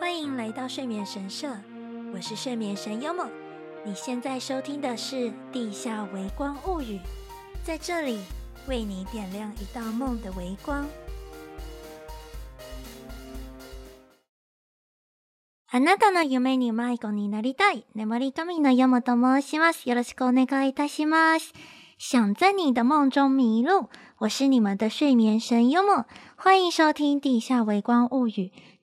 歡迎來到睡眠神社，我是睡眠神幽夢。你現在收聽的是《地下微光物語》，在這裡為你點亮一道夢的微光。あなたの夢に迷子になりたい眠り神の夢と申します。よろしくお願いいたします。想在你的夢中迷路，我是你們的睡眠神幽夢，歡迎收聽《地下微光物語》。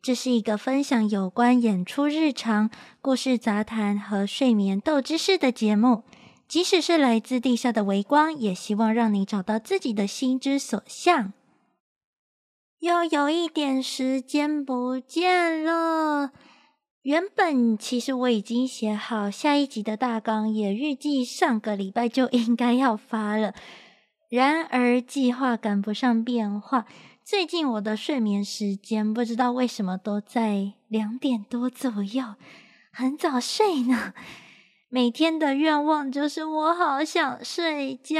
這是一個分享有關演出日常、故事雜談和睡眠鬥知識的節目。即使是來自地下的微光，也希望讓你找到自己的心之所向。又有一點時間不見了。原本其實我已經寫好下一集的大綱，也預計上個禮拜就應該要發了。然而，計劃趕不上變化。最近我的睡眠時間不知道為什麼都在兩點多左右，很早睡呢。每天的願望就是我好想睡覺，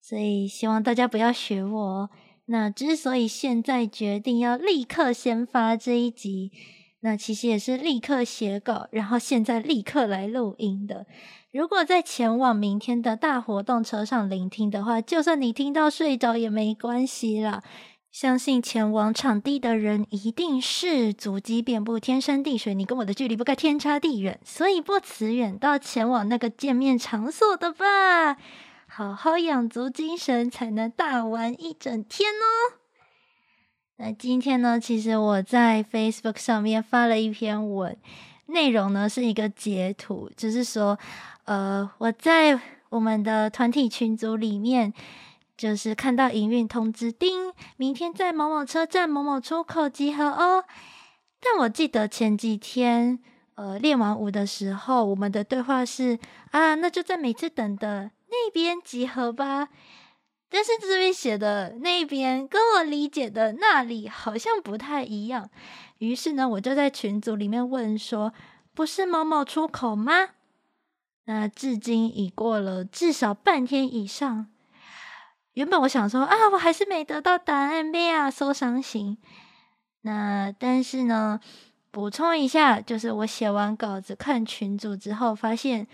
所以希望大家不要學我哦。那之所以現在決定要立刻先發這一集，那其實也是立刻寫稿，然後現在立刻來錄音的。如果在前往明天的大活動車上聆聽的話，就算你聽到睡着也沒關係啦。相信前往場地的人一定是足跡遍布天山地水，你跟我的距離不該天差地遠，所以不辭遠道前往那個見面場所的吧。好好養足精神，才能大玩一整天哦。那今天呢，其實我在 Facebook 上面發了一篇文，內容呢是一個截圖，就是說，呃，我在我們的團體群組裡面。就是看到營運通知，叮！明天在某某車站某某出口集合哦。但我記得前幾天，呃，練完舞的時候，我們的對話是啊，那就在每次等的那邊集合吧。但是這邊寫的那邊跟我理解的那裡好像不太一樣。於是呢，我就在群組裡面問說，不是某某出口嗎？那至今已過了至少半天以上。原本我想說啊，我還是沒得到答案，沒啊，受傷型。那但是呢，補充一下，就是我寫完稿子看群組之後，發現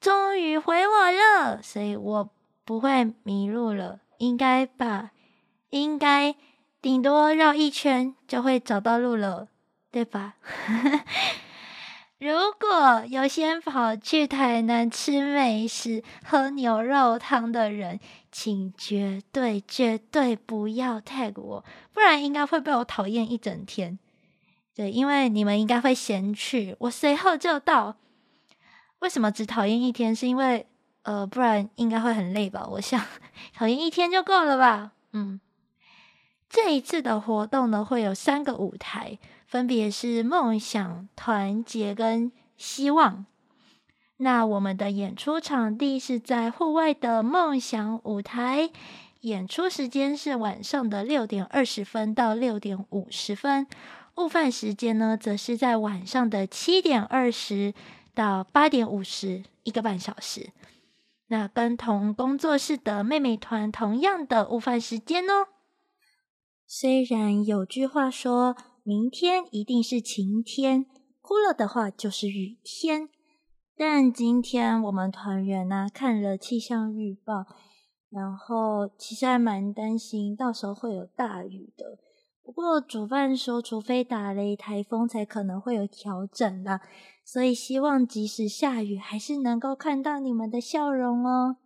終於回我了，所以我不會迷路了，應該吧？應該頂多繞一圈就會找到路了，對吧？ 如果有先跑去台南吃美食、喝牛肉湯的人，請絕對絕對不要 tag 我，不然應該會被我討厭一整天。對，因為你們應該會先去，我隨後就到。為什麼只討厭一天？是因為呃，不然應該會很累吧？我想，討厭一天就夠了吧。嗯，這一次的活動呢，會有三個舞台。分別是夢想、團結跟希望。那我們的演出場地是在戶外的夢想舞台，演出時間是晚上的六點二十分到六點五十分。午飯時間呢，則是在晚上的七點二十到八點五十，一個半小時。那跟同工作室的妹妹團同樣的午飯時間哦。雖然有句話說，明天一定是晴天，哭了的話就是雨天。但今天我們團員呢、啊、看了氣象預報，然後其實還蠻擔心到時候會有大雨的。不過主辦說，除非打雷、台風，才可能會有調整啦，所以希望即使下雨，還是能夠看到你們的笑容哦。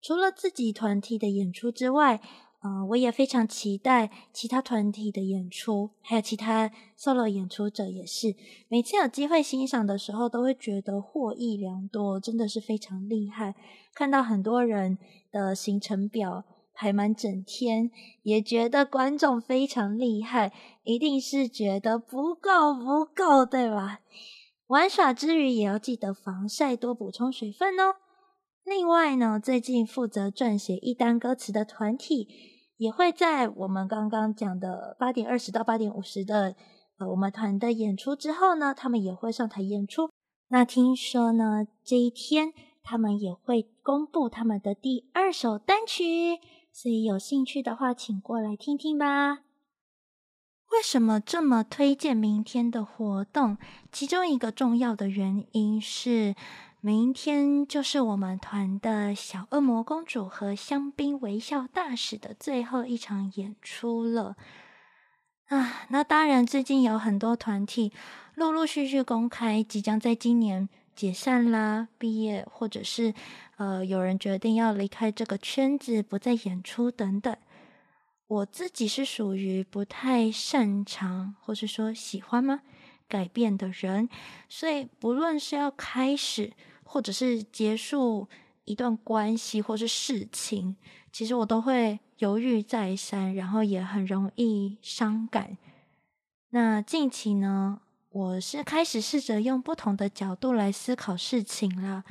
除了自己團體的演出之外，嗯、呃，我也非常期待其他團體的演出，還有其他 solo 演出者，也是。每次有機會欣賞的時候，都會覺得獲益良多，真的是非常厲害。看到很多人的行程表排滿整天，也覺得觀眾非常厲害，一定是覺得不夠不夠，對吧？玩耍之餘也要記得防曬，多補充水分哦。另外呢，最近負責撰寫一單歌詞的團體，也會在我們剛剛講的八點二十到八點五十的，我們團的演出之後呢，他們也會上台演出。那聽說呢，這一天他們也會公布他們的第二首單曲，所以有興趣的話，請過來聽聽吧。為什麼這麼推薦明天的活動？其中一個重要的原因是，明天就是我們團的小惡魔公主和香檳微笑大使的最後一場演出了。啊，那當然，最近有很多團體陸陸續續公開即將在今年解散啦，畢業，或者是呃，有人決定要離開這個圈子，不再演出等等。我自己是屬於不太擅長，或是說喜歡嗎？改變的人，所以不論是要開始或者是結束一段關係或是事情，其實我都會猶豫再三，然後也很容易傷感。那近期呢，我是開始試着用不同的角度來思考事情了。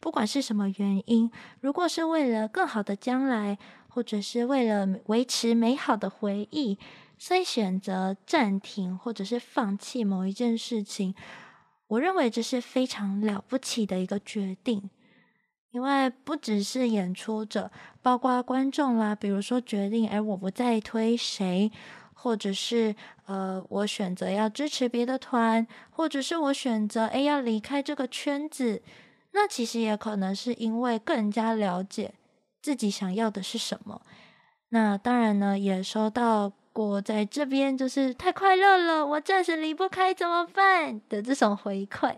不管是什麼原因，如果是為了更好的將來，或者是為了維持美好的回憶，所以選擇暫停或者是放棄某一件事情，我認為這是非常了不起的一個決定，因為不只是演出者，包括觀眾啦，比如說決定哎，我不再推誰，或者是呃，我選擇要支持別的團，或者是我選擇哎，要離開這個圈子，那其實也可能是因為更加了解自己想要的是什麼。那當然呢，也收到。我在這邊就是太快樂了，我暫時離不開，怎麼辦的這種回饋，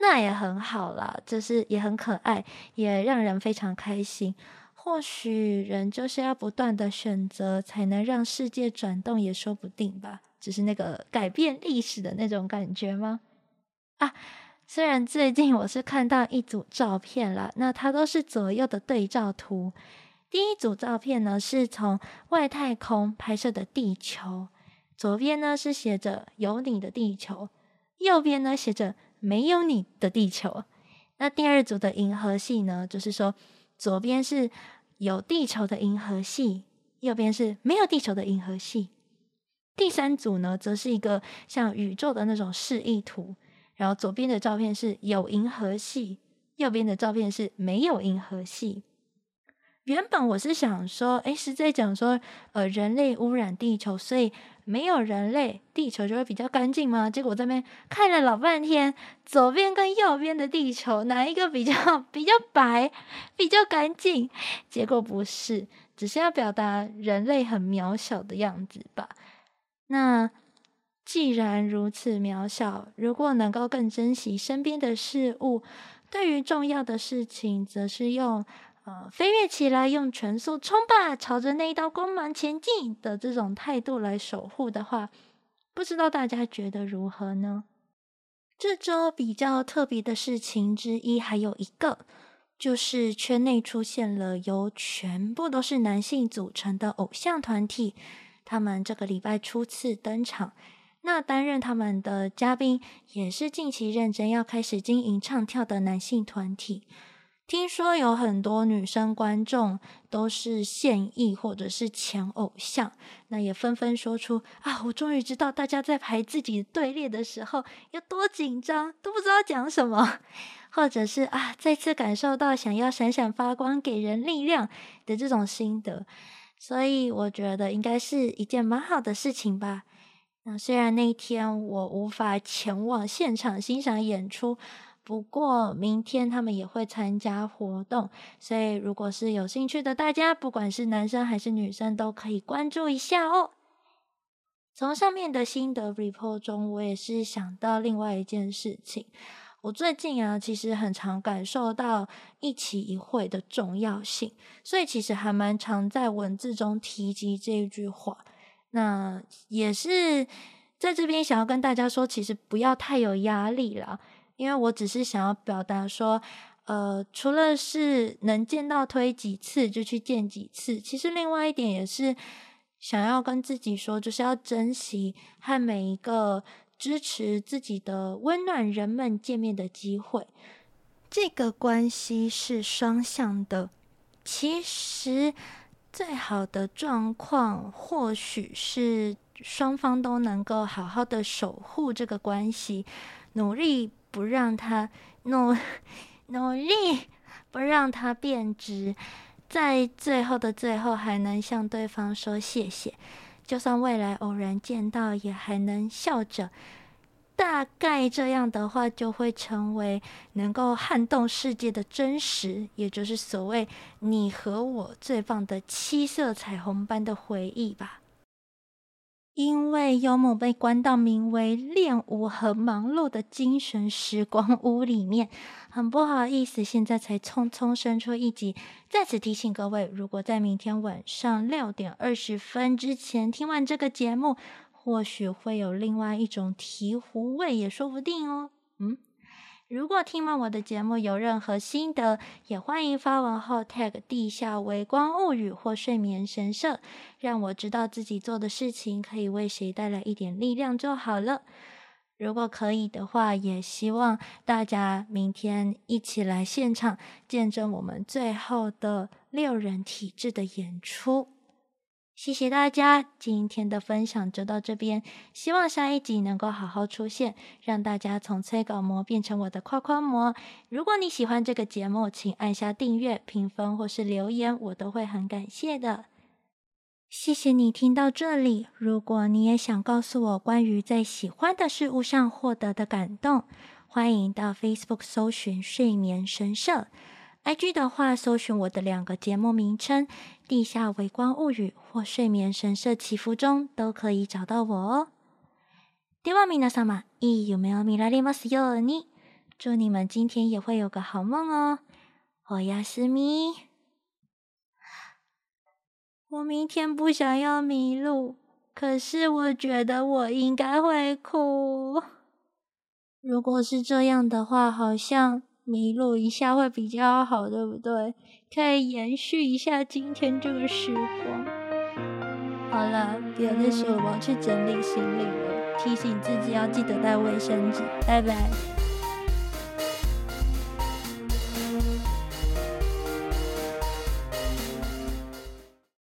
那也很好啦，就是也很可愛，也讓人非常開心。或許人就是要不斷的選擇，才能讓世界轉動，也說不定吧。只、就是那個改變歷史的那種感覺嗎？啊，雖然最近我是看到一組照片了，那它都是左右的對照圖。第一組照片呢，是從外太空拍攝的地球，左邊呢是寫着有你的地球，右邊呢寫着沒有你的地球。那第二組的銀河系呢，就是說左邊是有地球的銀河系，右邊是沒有地球的銀河系。第三組呢，則是一個像宇宙的那種示意圖，然後左邊的照片是有銀河系，右邊的照片是沒有銀河系。原本我是想說，誒，是在講說，呃，人類污染地球，所以沒有人類，地球就會比較乾淨嗎？結果我這邊看了老半天，左邊跟右邊的地球，哪一個比較比較白、比較乾淨？結果不是，只是要表達人類很渺小的樣子吧。那既然如此渺小，如果能夠更珍惜身邊的事物，對於重要的事情，則是用。呃，飛躍起來，用全速衝吧，朝着那一道光芒前進的這種態度來守護的話，不知道大家覺得如何呢？這週比較特別的事情之一，還有一個就是圈內出現了由全部都是男性組成的偶像團體，他們這個禮拜初次登場。那擔任他們的嘉賓，也是近期認真要開始經營唱跳的男性團體。聽說有很多女生觀眾都是現役或者是前偶像，那也紛紛說出：“啊，我終於知道大家在排自己隊列的時候有多緊張，都不知道講什麼，或者是啊，再次感受到想要閃閃發光、給人力量的這種心得。”所以我覺得應該是一件蠻好的事情吧。那雖然那一天我無法前往現場欣賞演出。不過明天他們也會參加活動，所以如果是有興趣的大家，不管是男生還是女生，都可以關注一下哦。從上面的心得 report 中，我也是想到另外一件事情。我最近啊，其實很常感受到一期一會的重要性，所以其實還蠻常在文字中提及這一句話。那也是在這邊想要跟大家說，其實不要太有壓力啦。因為我只是想要表達說，呃，除了是能見到推幾次就去見幾次，其實另外一點也是想要跟自己說，就是要珍惜和每一個支持自己的溫暖人們見面的機會。這個關係是雙向的，其實最好的狀況或許是雙方都能夠好好的守護這個關係，努力。不讓他努努力，不讓他變質，在最後的最後還能向對方說謝謝，就算未來偶然見到，也還能笑着。大概這樣的話，就會成為能夠撼動世界的真實，也就是所謂你和我最棒的七色彩虹般的回憶吧。因為幽姆被關到名為“練武和忙碌”的精神時光屋裡面，很不好意思，現在才匆匆生出一集。在此提醒各位，如果在明天晚上六點二十分之前聽完這個節目，或許會有另外一種醍醐味，也說不定哦。嗯。如果聽完我的節目有任何心得，也歡迎發文後 tag 地下微光物語或睡眠神社，讓我知道自己做的事情可以為誰帶來一點力量就好了。如果可以的話，也希望大家明天一起來現場見證我們最後的六人體制的演出。謝謝大家，今天的分享就到這邊。希望下一集能夠好好出現，讓大家從催稿魔變成我的誇誇魔。如果你喜歡這個節目，請按下訂閱、評分或是留言，我都會很感謝的。謝謝你聽到這裡，如果你也想告訴我關於在喜歡的事物上獲得的感動，歡迎到 Facebook 搜尋“睡眠神社”。IG 的話，搜尋我的兩個節目名稱《地下微光物語》或《睡眠神社祈福》中，都可以找到我哦。では皆様、いい夢を見られますように，祝你們今天也會有個好夢哦。おやすみ。我明天不想要迷路，可是我覺得我應該會哭。如果是這樣的話，好像。迷路一下會比較好，對不對？可以延續一下今天這個時光。好了，別再說了，我要去整理行李了。提醒自己要記得帶衛生紙。拜拜。